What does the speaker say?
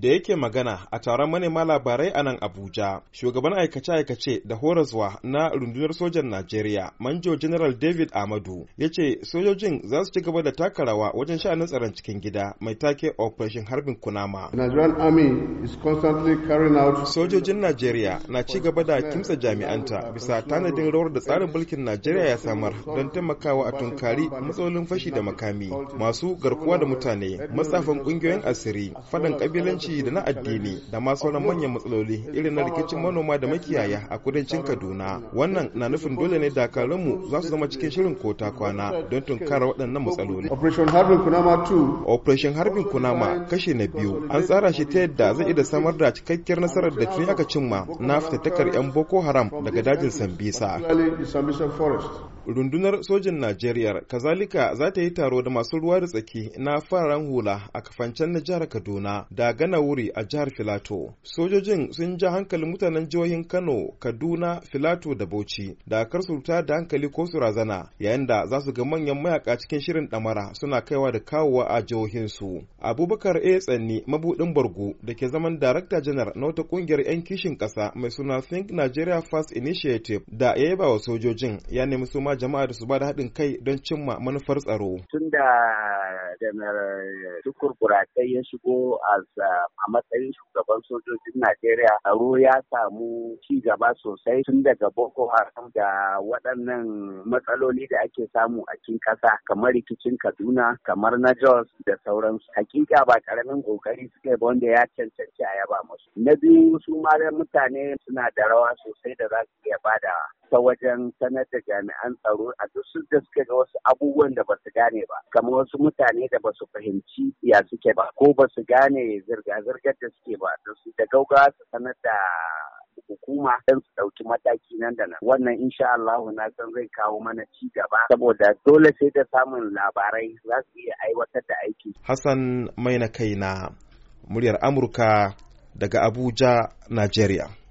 da yake magana a taron manema labarai a nan abuja shugaban aikace-aikace da horaswa na rundunar sojan najeriya manjo general david amadu ya ce sojojin za su ci gaba da taka rawa wajen sha'anin tsaron cikin gida mai take operation harbin kunama sojojin najeriya na ci gaba da kimsa jami'anta bisa tanadin rawar da tsarin mulkin najeriya ya samar don taimakawa a tunkari matsalolin fashi da makami masu garkuwa da mutane matsafan ƙungiyoyin asiri faɗin ƙabilanci. ta'addanci da na addini da ma sauran manyan matsaloli irin na rikicin manoma da makiyaya a kudancin kaduna wannan na nufin dole ne dakarunmu za su zama cikin shirin kota kwana don tunkara waɗannan matsaloli operation harbin kunama kashe na biyu an tsara shi ta yadda zai iya samar da cikakkiyar nasarar da tuni aka cimma na fitattakar 'yan boko haram daga dajin sambisa rundunar sojin najeriya kazalika za ta yi taro da masu ruwa da tsaki na fararen hula a kafancen na jihar kaduna da gana wani wuri a jihar Filato. Sojojin sun ja hankalin mutanen jihohin Kano, Kaduna, Filato da Bauchi da kar su da hankali ko su razana yayin da za su ga manyan mayaka cikin shirin ɗamara suna kaiwa da kawowa a jihohinsu. Abubakar A. Tsanni mabuɗin bargu da ke zaman Darakta Janar na wata ƙungiyar 'yan kishin ƙasa mai suna Think Nigeria First Initiative da ya yaba wa sojojin ya nemi su ma jama'a da su ba da haɗin kai don cimma manufar tsaro. Tun da Janar Tukur Buratai ya shigo a a matsayin shugaban sojojin Najeriya aro ya samu ci gaba sosai tun daga Boko Haram da waɗannan matsaloli da ake samu a cikin ƙasa kamar rikicin Kaduna, kamar na Jos da sauransu. Hakika ba karamin kokari suke ba wanda ya cancanci a yaba musu. Na biyu su ma mutane suna da rawa sosai da za su iya bada ta wajen sanar da jami'an tsaro a duk da suka ga wasu abubuwan da ba su gane ba kamar wasu mutane da ba su fahimci ya suke ba ko ba su gane zirga-zirgar da suke ba da su da gaugawa su sanar da hukuma don su ɗauki mataki nan da nan wannan insha Allah na san zai kawo mana ci gaba saboda dole sai da samun labarai za su iya aiwatar da aiki Hassan Maina kaina muryar Amurka daga Abuja Nigeria